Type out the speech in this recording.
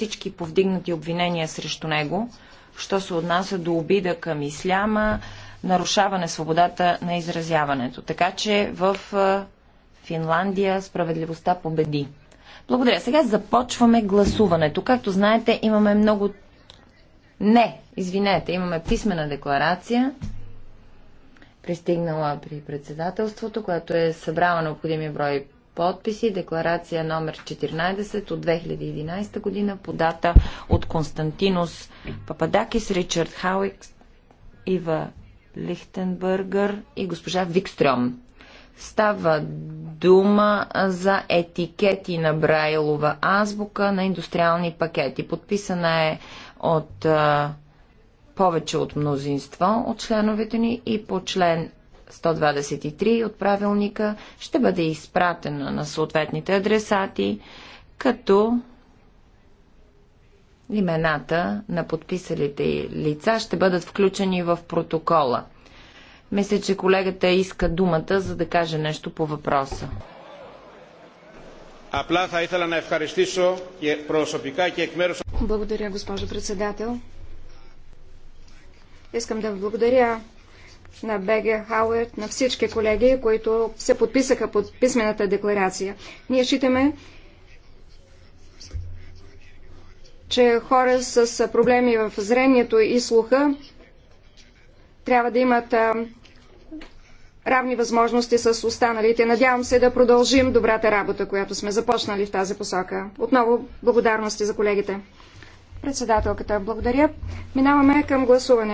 всички повдигнати обвинения срещу него, що се отнася до обида към исляма, нарушаване свободата на изразяването. Така че в Финландия справедливостта победи. Благодаря. Сега започваме гласуването. Както знаете, имаме много... Не, извинете, имаме писмена декларация, пристигнала при председателството, която е събрала необходимия брой подписи, декларация номер 14 от 2011 година, подата от Константинус Пападакис, Ричард Хауикс, Ива Лихтенбъргър и госпожа Викстрем. Става дума за етикети на Брайлова азбука на индустриални пакети. Подписана е от повече от мнозинство от членовете ни и по член 123 от правилника ще бъде изпратена на съответните адресати, като имената на подписалите лица ще бъдат включени в протокола. Мисля, че колегата иска думата, за да каже нещо по въпроса. Е благодаря, госпожо председател. Искам да благодаря на БГ Хауърд, на всички колеги, които се подписаха под писмената декларация. Ние считаме, че хора с проблеми в зрението и слуха трябва да имат равни възможности с останалите. Надявам се да продължим добрата работа, която сме започнали в тази посока. Отново благодарности за колегите. Председателката, благодаря. Минаваме към гласуване.